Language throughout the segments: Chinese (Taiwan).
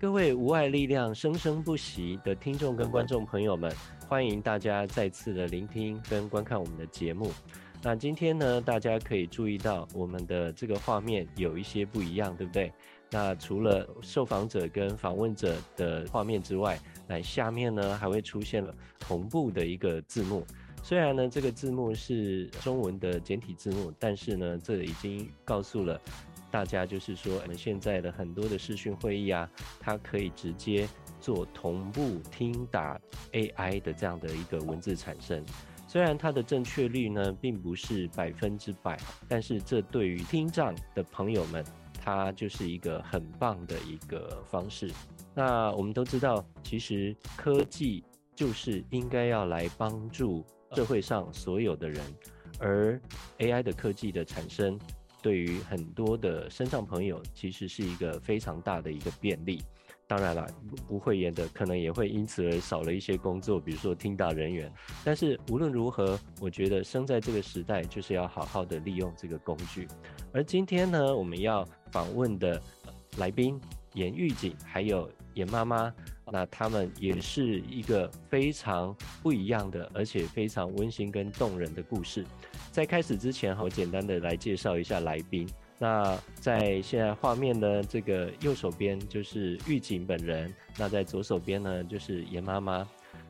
各位無礙力量生聲不息的聽眾跟觀眾朋友們，歡迎大家再次的聆聽跟觀看我們的節目。那今天呢，大家可以注意到我們的這個畫面有一些不一樣，對不對？那除了受訪者跟訪問者的畫面之外，那下面呢還會出現了同步的一個字幕。雖然呢這個字幕是中文的簡體字幕，但是呢這已經告訴了。大家就是說，我們現在的很多的視訊會議啊，它可以直接做同步聽打 AI 的這樣的一個文字產生。雖然它的正確率呢，並不是百分之百，但是這對於聽障的朋友們，它就是一個很棒的一個方式。那我們都知道，其實科技就是應該要來幫助社會上所有的人，而 AI 的科技的產生。對於很多的身障朋友，其實是一個非常大的一個便利。當然了，不會演的可能也會因此而少了一些工作，比如說聽打人員。但是無論如何，我覺得生在這個時代就是要好好的利用這個工具。而今天呢，我們要訪問的來賓，顏毓瑾還有顏媽媽，那他們也是一個非常不一樣的，而且非常溫馨跟動人的故事。在開始之前好，我簡單的來介紹一下來賓。那在現在畫面呢，這個右手邊就是毓瑾本人，那在左手邊呢，就是顏媽媽。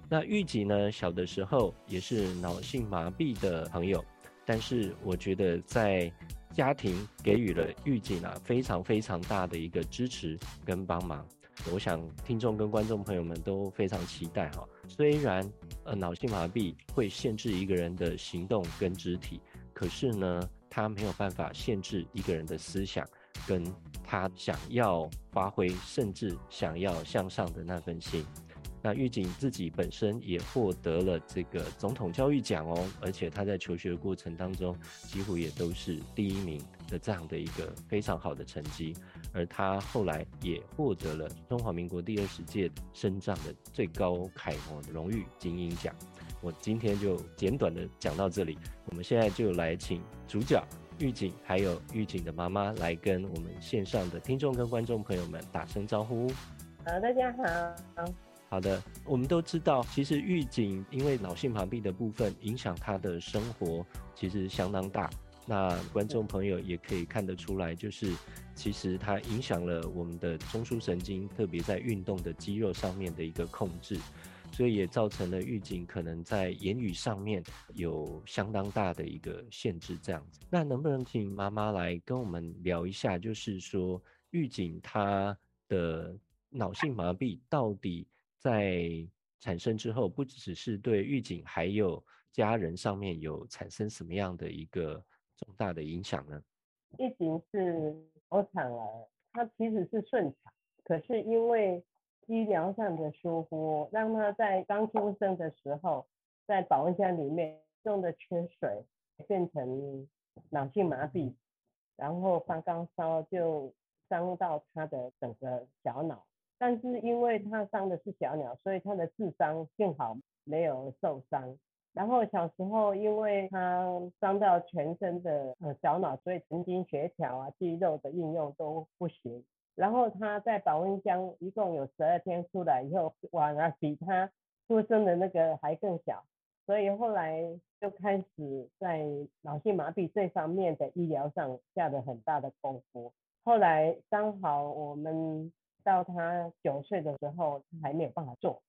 那毓瑾呢，小的時候也是腦性麻痹的朋友，但是我覺得在家庭給予了毓瑾啊非常非常大的一個支持跟幫忙。我想聽眾跟觀眾朋友們都非常期待哈，雖然。呃，腦性麻痹會限制一個人的行動跟肢體，可是呢，他沒有辦法限制一個人的思想，跟他想要發揮，甚至想要向上的那份心。那毓瑾自己本身也獲得了這個總統教育獎哦，而且他在求學的過程當中幾乎也都是第一名的這樣的一個非常好的成績，而他後來也獲得了中華民國第二十屆身障的最高楷模榮譽金鷹獎。我今天就簡短的講到這裡，我們現在就來請主角毓瑾還有毓瑾的媽媽來跟我們線上的聽眾跟觀眾朋友們打聲招呼。好，大家好。好的，我們都知道，其實毓瑾因為腦性麻痹的部分，影響他的生活其實相當大。那觀眾朋友也可以看得出來，就是其實他影響了我們的中樞神經，特別在運動的肌肉上面的一個控制，所以也造成了毓瑾可能在言語上面有相當大的一個限制。這樣子，那能不能請媽媽來跟我們聊一下，就是說毓瑾他的腦性麻痹到底在產生之後，不只是對毓瑾，還有家人上面有產生什麼樣的一個重大的影響呢？毓瑾是剖產了，他其實是順產，可是因為醫療上的疏忽，讓他在剛出生的時候，在保溫箱裡面用的缺水，變成腦性麻痹，然後發高燒就傷到他的整個小腦。但是因為他傷的是小鳥，所以他的智商幸好沒有受傷。然後小時候因為他傷到全身的呃小腦，所以神經協調啊、肌肉的應用都不行。然後他在保溫箱一共有十二天出來以後，反而比他出生的那個還更小。所以後來就開始在腦性麻痹這方面的醫療上下了很大的功夫。後來剛好我們。到他九歲的時候，他還沒有辦法做。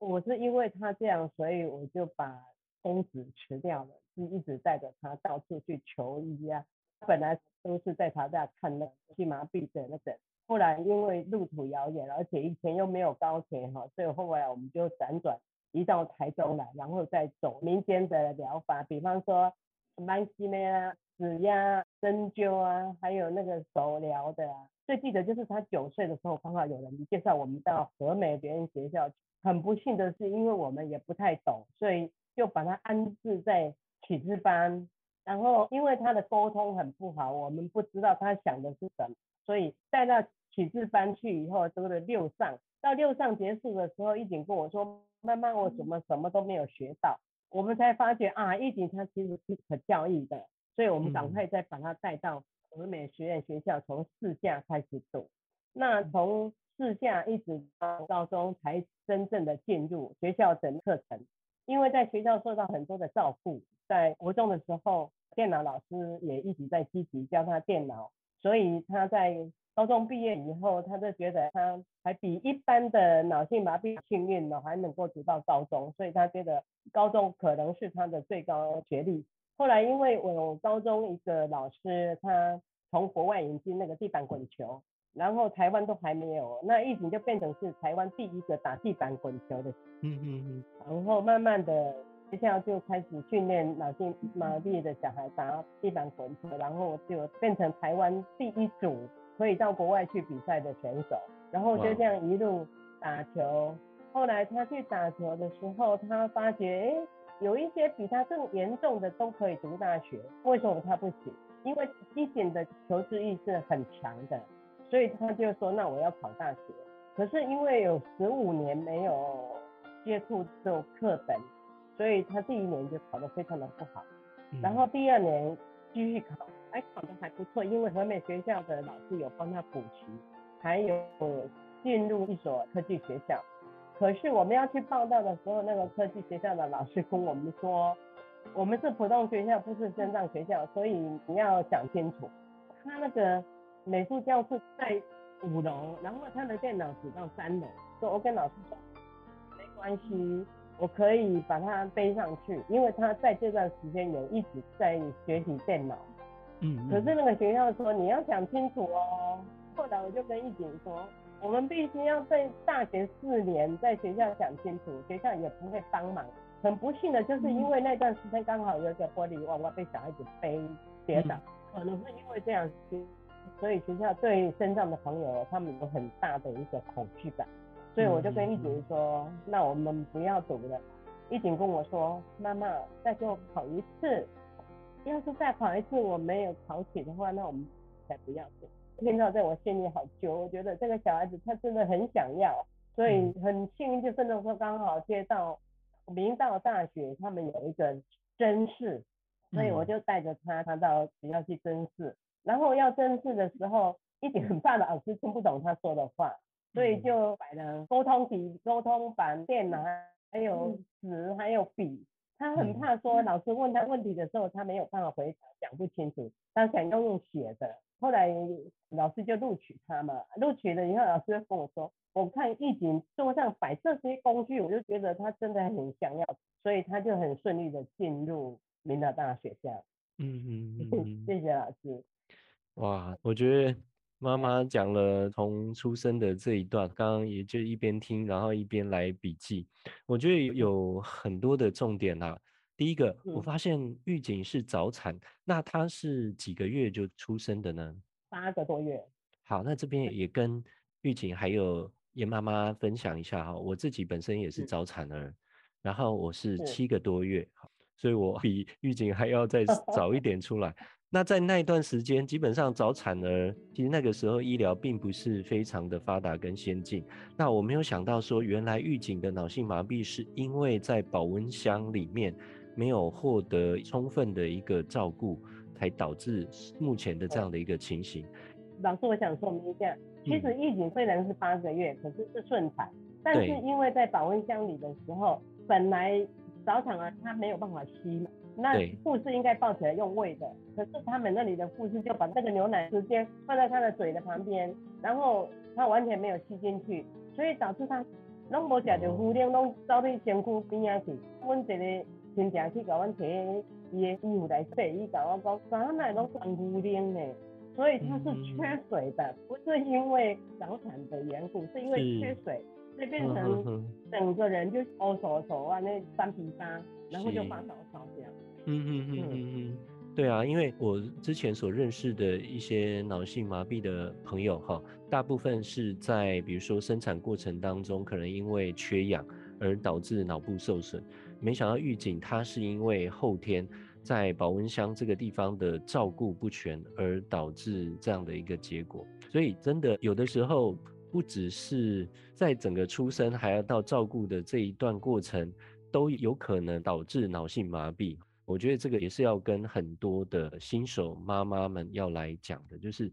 我是因為他這樣，所以我就把工資辭掉了，就一直帶着他到處去求醫啊。他本來都是在他在看那看的，去麻痹的那個，後來因為路途遙遠，而且以前又沒有高鐵哈，所以後來我們就輾轉移到台中來，然後再走民間的療法，比方說麥雞呢。指壓，針灸啊，還有那個手療的啊。最記得就是他九歲的時候，剛好有人介紹我們到和美別人學校。很不幸的是，因為我們也不太懂，所以就把他安置在啟智班。然後因為他的溝通很不好，我們不知道他想的是什麼，所以帶到啟智班去以後，都是六上。到六上結束的時候，毓瑾跟我說：“媽媽，我怎麼什麼都沒有學到？”我們才發覺啊，毓瑾他其實是可教育的。所以我們趕快再把他帶到我們美學院學校，從四下開始讀。嗯、那從四下一直到高中才真正的進入學校整課程，因為在學校受到很多的照顧，在活中的時候，電腦老師也一直在積極教他電腦，所以他在高中畢業以後，他就覺得他還比一般的腦性麻痹幸運呢，還能夠讀到高中，所以他覺得高中可能是他的最高學歷。後來，因為我高中一個老師，他從國外引進那個地板滾球，然後台灣都還沒有，那毓瑾就變成是台灣第一個打地板滾球的。嗯嗯嗯。然後慢慢的，學校就開始訓練腦性麻痺的小孩打地板滾球，然後就變成台灣第一組可以到國外去比賽的選手。然後就這樣一路打球，後來他去打球的時候，他發覺，有一些比他更嚴重的都可以讀大學，為什麼他不行？因為毓瑾的求知欲是很強的，所以他就說，那我要考大學。可是因為有十五年沒有接觸這種課本，所以他第一年就考得非常的不好。嗯、然後第二年繼續考，哎，考得還不錯，因為和美學校的老師有幫他補習，還有進入一所科技學校。可是我們要去報到的時候，那個科技學校的老師跟我們說，我們是普通學校，不是身障學校，所以你要想清楚。他那個美術教室在五樓，然後他的電腦只到三樓，所以我跟老師說，沒關係，我可以把它背上去，因為他在這段時間有一直在學習電腦。嗯，嗯。可是那個學校說，你要想清楚哦。後來我就跟毓瑾說。我們必須要在大學四年，在學校想清楚，學校也不會幫忙。很不幸的就是因為那段時間剛好有個玻璃娃娃被小孩子背跌倒，嗯、可能是因為這樣所以學校對身上的朋友他們有很大的一個恐懼感。所以我就跟毓瑾說，嗯嗯那我們不要讀了。毓瑾跟我說，媽媽再給我考一次，要是再考一次我沒有考起的話，那我們才不要讀。聽到在我心裡好揪，我覺得這個小孩子他真的很想要，所以很幸運就真的說剛好接到明道大學，他們有一個甄試，所以我就帶着他他到學校去甄試。然後要甄試的時候，一點很怕的老師聽不懂他說的話，所以就擺了溝通筆、溝通板，電腦還有紙還有筆，他很怕說老師問他問題的時候他沒有辦法回答，講不清楚，他想要用寫的。後來老師就錄取他嘛，錄取了以後，老師就跟我說，我看毓瑾桌上擺這些工具，我就覺得他真的很想要，所以他就很順利的進入明大大學校。嗯嗯，嗯 謝謝老師。哇，我覺得媽媽講了從出生的這一段，剛剛也就一邊聽，然後一邊來筆記，我覺得有很多的重點啊。第一個，我發現毓瑾是早產，嗯、那他是幾個月就出生的呢？八個多月。好，那這邊也跟毓瑾還有顏媽媽分享一下哈。我自己本身也是早產兒，嗯、然後我是七個多月，是所以我比毓瑾還要再早一點出來。 那在那一段時間，基本上早產兒其實那個時候醫療並不是非常的發達跟先進。那我沒有想到說，原來毓瑾的腦性麻痹是因為在保溫箱裡面。沒有獲得充分的一個照顧，才導致目前的這樣的一個情形。老師，我想說明一下，其實毓瑾雖然是八個月，嗯、可是是順產，但是因為在保溫箱裡的時候，對本來早產啊，他沒有辦法吸，那護士應該抱起來用餵的，對可是他們那裡的護士就把那個牛奶直接放在他的嘴的旁邊，然後他完全沒有吸進去，所以導致他攏、嗯、無食的母奶，都遭到身枯冰壓去。我一的。經常去搞阮睇伊的牛奶色，伊告我講，生奶攏全牛奶的，所以它是缺水的，不是因為早產的緣故，是因為缺水，是所以變成整個人就凹縮縮啊，那三平方，然後就發燒燒這樣。嗯嗯嗯嗯嗯，嗯對啊，因為我之前所認識的一些腦性麻痹的朋友哈，大部分是在比如說生產過程當中，可能因為缺氧而導致腦部受損。沒想到毓瑾他是因為後天在保溫箱這個地方的照顧不全，而導致這樣的一個結果。所以真的有的時候不只是在整個出生，還要到照顧的這一段過程，都有可能導致腦性麻痹。我覺得這個也是要跟很多的新手媽媽們要來講的，就是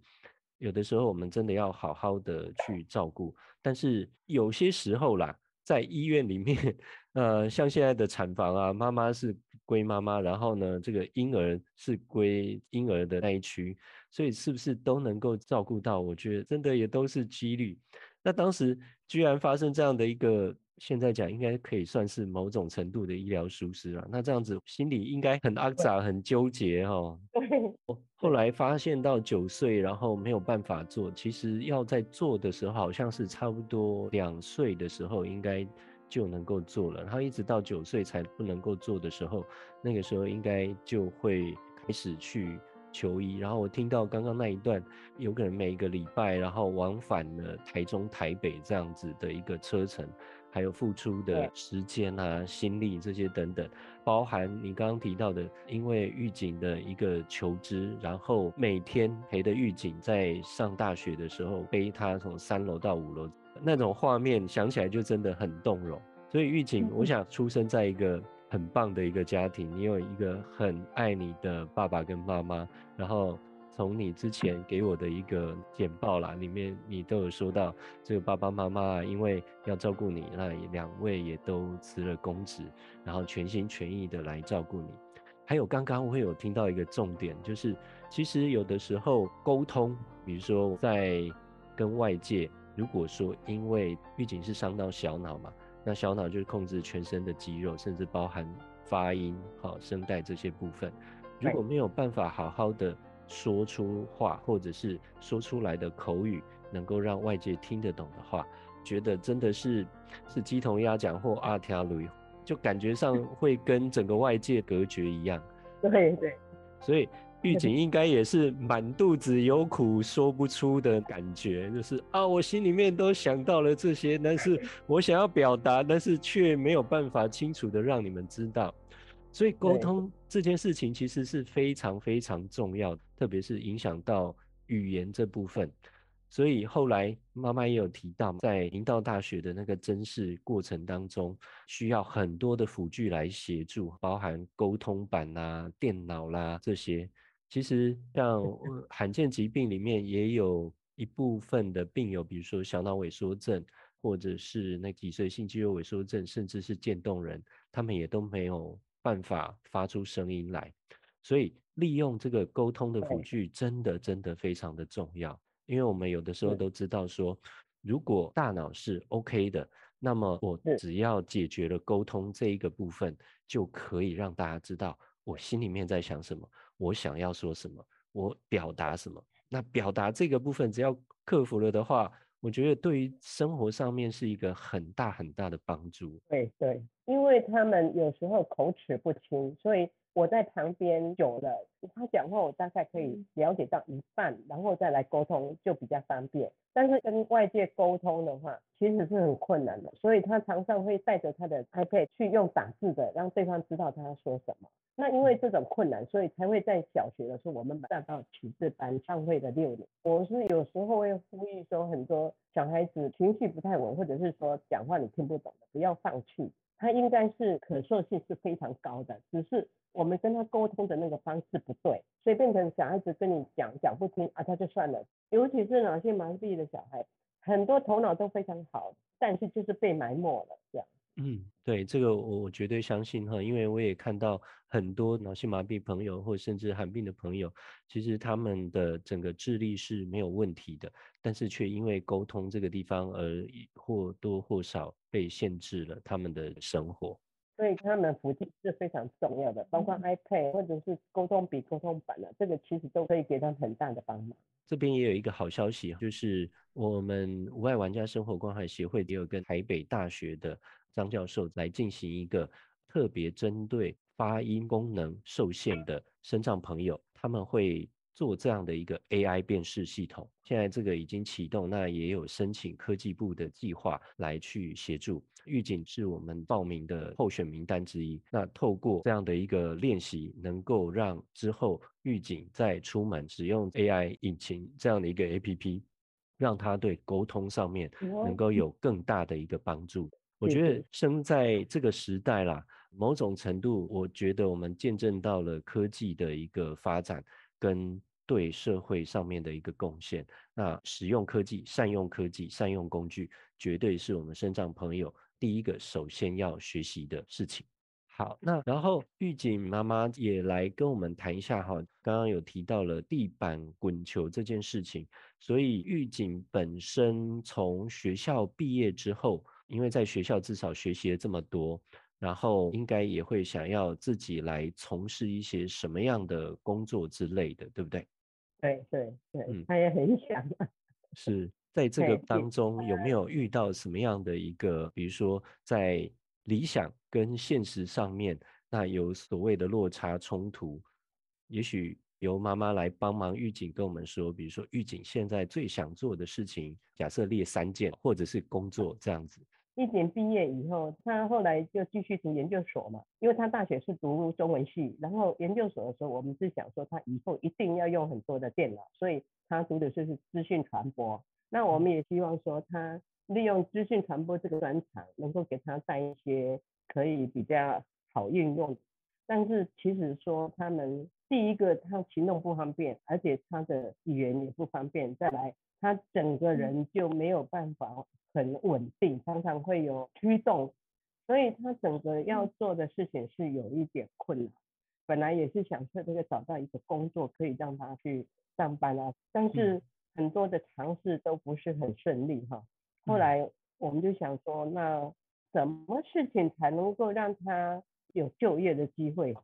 有的時候我們真的要好好的去照顧，但是有些時候啦。在醫院裡面，呃，像現在的產房啊，媽媽是歸媽媽，然後呢，這個嬰兒是歸嬰兒的那一區，所以是不是都能夠照顧到？我覺得真的也都是幾率。那當時。居然發生這樣的一個，現在講應該可以算是某種程度的醫療疏失了。那這樣子心裡應該很阿雜、對很糾結哈。對後來發現到九歲，然後沒有辦法做。其實要在做的時候，好像是差不多兩歲的時候應該就能夠做了，然後一直到九歲才不能夠做的時候，那個時候應該就會開始去。求醫，然後我聽到剛剛那一段，有個人每一個禮拜，然後往返了台中、台北這樣子的一個車程，還有付出的時間啊、對心力這些等等，包含你剛剛提到的，因為毓瑾的一個求知，然後每天陪着毓瑾在上大學的時候背他從三樓到五樓，那種畫面想起來就真的很動容。所以毓瑾，嗯、哼我想出生在一個。很棒的一個家庭，你有一個很愛你的爸爸跟媽媽，然後從你之前給我的一個簡報啦，裡面你都有說到，這個爸爸媽媽因為要照顧你，那兩位也都辭了公職，然後全心全意的來照顧你。還有剛剛我會有聽到一個重點，就是其實有的時候溝通，比如說在跟外界，如果說因為畢竟是傷到小腦嘛。那小腦就是控制全身的肌肉，甚至包含發音、好、哦、聲帶這些部分。如果沒有辦法好好的說出話，或者是說出來的口語能夠讓外界聽得懂的話，覺得真的是是雞同鴨講或鴨仔聽雷，就感覺上會跟整個外界隔絕一樣。對對，對所以，毓瑾應該也是滿肚子有苦說不出的感覺，就是啊，我心裡面都想到了這些，但是我想要表達，但是卻沒有辦法清楚的讓你們知道，所以溝通這件事情其實是非常非常重要的，對特別是影響到語言這部分。所以後來媽媽也有提到，在明道大學的那個甄試過程當中，需要很多的輔具來協助，包含溝通板啦、啊、電腦啦、啊、這些。其實，像罕見疾病裡面也有一部分的病友，比如說小腦萎縮症，或者是那脊髓性肌肉萎縮症，甚至是漸凍人，他們也都沒有辦法發出聲音來。所以，利用這個溝通的輔具，真的真的非常的重要。因為我們有的時候都知道說，如果大腦是 OK 的，那麼我只要解決了溝通這一個部分，就可以讓大家知道我心裡面在想什麼。我想要說什麼，我表達什麼。那表達這個部分，只要克服了的話，我覺得對於生活上面是一個很大很大的幫助。對對，對因為他們有時候口齒不清，所以我在旁邊久了，他講話我大概可以了解到一半，然後再來溝通就比較方便。但是跟外界溝通的話，其實是很困難的，所以他常常會帶着他的 iPad 去用打字的，讓對方知道他說什麼。那因為這種困難，所以才會在小學的時候，我們辦到啟智班上會的六年。我是有時候會呼籲說，很多小孩子情緒不太穩，或者是說講話你聽不懂的，不要放棄。他應該是可塑性是非常高的，只是我們跟他溝通的那個方式不對，所以變成小孩子跟你講講不聽啊，他就算了。尤其是腦性麻痹的小孩，很多頭腦都非常好，但是就是被埋沒了這樣。嗯，對，這個我我絕對相信哈，因為我也看到很多腦性麻痹朋友或甚至罕病的朋友，其實他們的整個智力是沒有問題的。但是卻因為溝通這個地方而或多或少被限制了他們的生活，所以他們福祉是非常重要的，包括 iPad、嗯、或者是溝通筆、溝通板了，這個其實都可以給他們很大的幫忙。這邊也有一個好消息，就是我們無礙玩家生活關懷協會也有跟台北大學的張教授來進行一個特別針對發音功能受限的身障朋友，他們會。做這樣的一個 AI 辨識系統，現在這個已經啟動，那也有申請科技部的計劃來去協助。毓瑾是我們報名的候選名單之一。那透過這樣的一個練習，能夠讓之後毓瑾在出門使用 AI 引擎這樣的一個 APP，讓他對溝通上面能夠有更大的一個幫助。哦、我覺得生在這個時代啦，某種程度，我覺得我們見證到了科技的一個發展。跟對社會上面的一個貢獻，那使用科技、善用科技、善用工具，絕對是我們身障朋友第一個首先要學習的事情。好，那然後毓瑾媽媽也來跟我們談一下哈，剛剛有提到了地板滾球這件事情，所以毓瑾本身從學校畢業之後，因為在學校至少學習了這麼多。然後應該也會想要自己來從事一些什麼樣的工作之類的，對不對？對對對，對對嗯、他也很想。是，在這個當中有沒有遇到什麼樣的一個，比如說在理想跟現實上面，那有所謂的落差衝突？也許由媽媽來幫忙毓瑾，跟我們說，比如說毓瑾現在最想做的事情，假設列三件，或者是工作這樣子。一年畢業以後，他後來就繼續讀研究所嘛，因為他大學是讀中文系，然後研究所的時候，我們是想說他以後一定要用很多的電腦，所以他讀的就是資訊傳播。那我們也希望說他利用資訊傳播這個專長，能夠給他帶一些可以比較好運用。但是其實說他們第一個他行動不方便，而且他的語言也不方便，再來。他整個人就沒有辦法很穩定，常常會有驅動，所以他整個要做的事情是有一點困難。本來也是想說這個找到一個工作可以讓他去上班啊，但是很多的嘗試都不是很順利哈。後來我們就想說，那什麼事情才能夠讓他有就業的機會？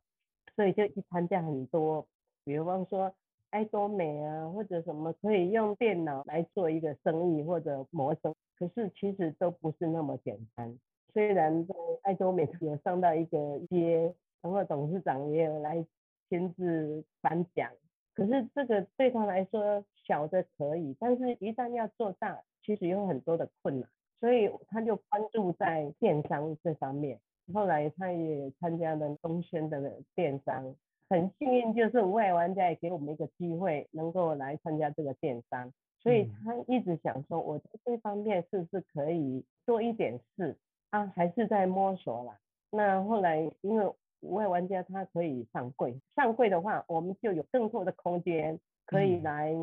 所以就去參加很多，比如說。愛多美啊，或者什麼可以用電腦來做一個生意或者謀生，可是其實都不是那麼簡單。雖然在愛多美有上到一個街，一些包括董事長也有來親自頒獎，可是這個對他來說小的可以，但是一旦要做大，其實有很多的困難，所以他就關注在電商這方面。後來他也參加了東森的電商。很幸運，就是無礙玩家也給我們一個機會，能夠來參加這個電商，所以他一直想說，我這方面是不是可以做一點事？啊，還是在摸索啦。那後來因為無礙玩家他可以上櫃，上櫃的話，我們就有更多的空間可以來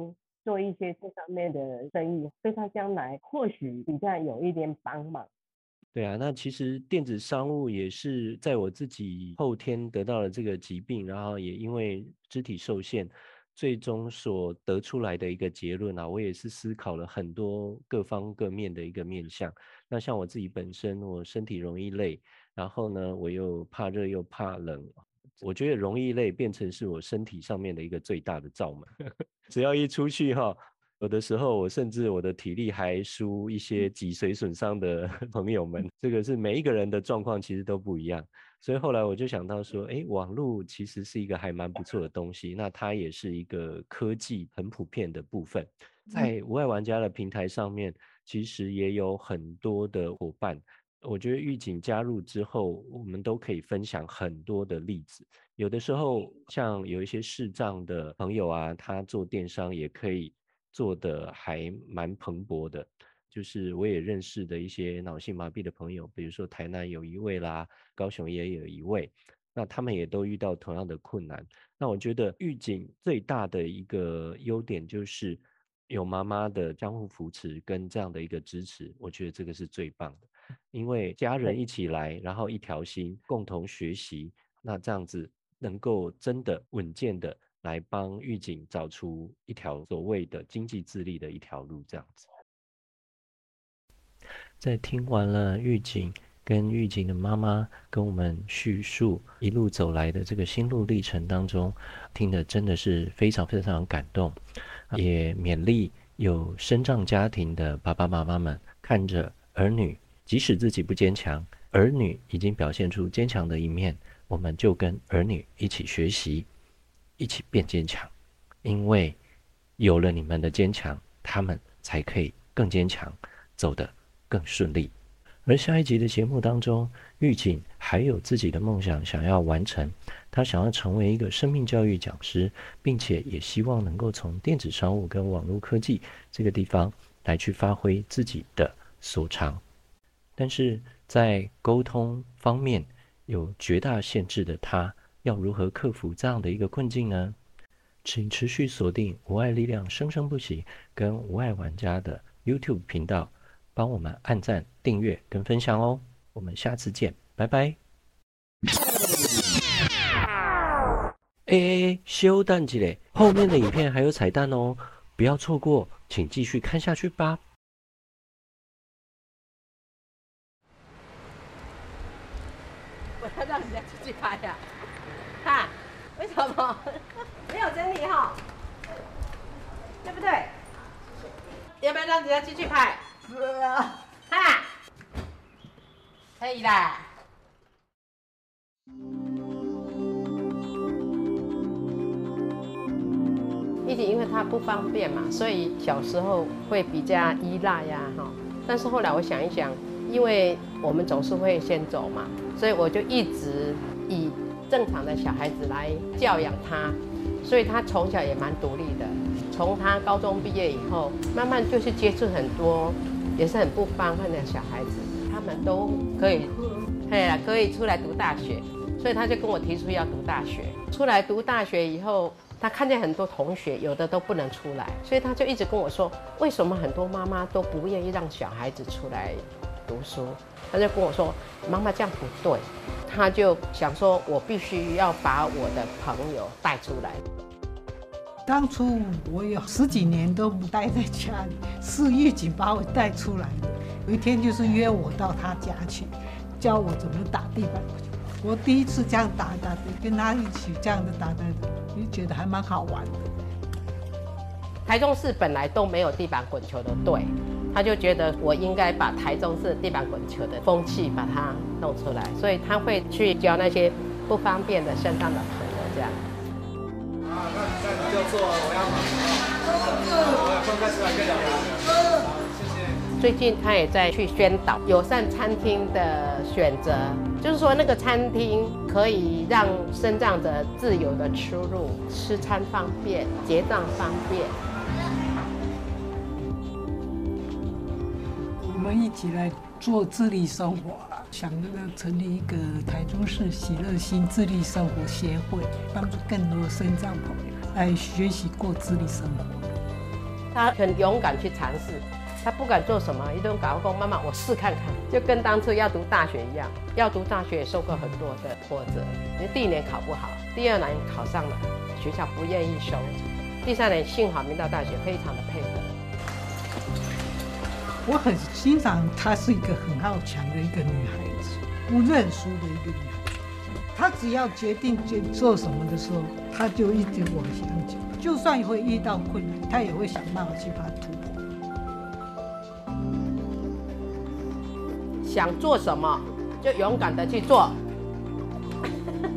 做一些這方面的生意，對他將來或許比較有一點幫忙。對啊，那其實電子商務也是在我自己後天得到了這個疾病，然後也因為肢體受限，最終所得出來的一個結論啊，我也是思考了很多各方各面的一個面向。那像我自己本身，我身體容易累，然後呢，我又怕熱又怕冷，我覺得容易累變成是我身體上面的一個最大的罩門， 只要一出去哈。有的時候，我甚至我的體力還輸一些脊髓損傷的朋友們。這個是每一個人的狀況其實都不一樣，所以後來我就想到說，哎，網絡其實是一個還蠻不錯的東西。那它也是一個科技很普遍的部分，在無礙玩家的平台上面，其實也有很多的夥伴。我覺得毓瑾加入之後，我們都可以分享很多的例子。有的時候，像有一些視障的朋友啊，他做電商也可以。做的還蠻蓬勃的，就是我也認識的一些腦性麻痹的朋友，比如說台南有一位啦，高雄也有一位，那他們也都遇到同樣的困難。那我覺得毓瑾最大的一個優點就是有媽媽的相互扶持跟這樣的一個支持，我覺得這個是最棒的，因為家人一起來，然後一條心，共同學習，那這樣子能夠真的穩健的。來幫毓瑾找出一條所謂的經濟自立的一條路，這樣子。在聽完了毓瑾跟毓瑾的媽媽跟我們敘述一路走來的這個心路歷程當中，聽得真的是非常非常感動，也勉勵有身障家庭的爸爸媽媽們，看着兒女，即使自己不堅強，兒女已經表現出堅強的一面，我們就跟兒女一起學習。一起變堅強，因為有了你們的堅強，他們才可以更堅強，走得更順利。而下一集的節目當中，顏毓瑾還有自己的夢想想要完成，他想要成為一個生命教育講師，並且也希望能夠從電子商務跟網絡科技這個地方來去發揮自己的所長。但是在溝通方面，有絕大限制的他。要如何克服這樣的一個困境呢？請持續鎖定無礙力量生聲不息跟無礙玩家的 YouTube 頻道，幫我們按讚、訂閱跟分享哦。我們下次見，拜拜。A A A，修蛋幾勒，後面的影片還有彩蛋哦，不要錯過，請繼續看下去吧。 沒有真理哈、哦，嗯、對不對？啊、謝謝，要不要讓人家繼續拍？可以啦。一直因為她不方便嘛，所以小時候會比較依賴呀、啊、哈、哦。但是後來我想一想，因為我們總是會先走嘛，所以我就一直。正常的小孩子來教養他，所以他從小也蠻獨立的。從他高中畢業以後，慢慢就是接觸很多也是很不方便的小孩子，他們都可以，嗯、對啊，可以出來讀大學。所以他就跟我提出要讀大學。出來讀大學以後，他看見很多同學有的都不能出來，所以他就一直跟我說，為什麼很多媽媽都不願意讓小孩子出來？讀書，他就跟我說：“媽媽這樣不對。”他就想說：“我必須要把我的朋友帶出來。”當初我有十幾年都不待在家裡，是獄警把我帶出來的。有一天就是約我到他家去，教我怎麼打地板。我第一次這樣打打，跟他一起這樣的打的，就覺得還蠻好玩的。台中市本來都沒有地板滾球的隊。他就覺得我應該把台中市地板滾球的風氣把它弄出來，所以他會去教那些不方便的身障的朋友這樣。啊，那你就坐，我要買。我分開吃就可以了。好，謝謝。最近他也在去宣導友善餐廳的選擇，就是說那個餐廳可以讓身障者自由的出入、吃餐方便、結賬方便。一起來做自立生活，想那個成立一個台中市喜樂心自立生活協會，幫助更多身障朋友來學習過自立生活。他很勇敢去嘗試，他不敢做什麼，一頓搞過，媽媽我試看看，就跟當初要讀大學一樣，要讀大學也受過很多的挫折。你第一年考不好，第二年考上了，學校不願意收，第三年幸好明道大學非常的配合。我很欣賞她是一個很好強的一個女孩子，不認輸的一個女孩子。她只要決定做做什麼的時候，她就一直往前走，就算會遇到困難，她也會想辦法去把它突破。想做什麼就勇敢地去做。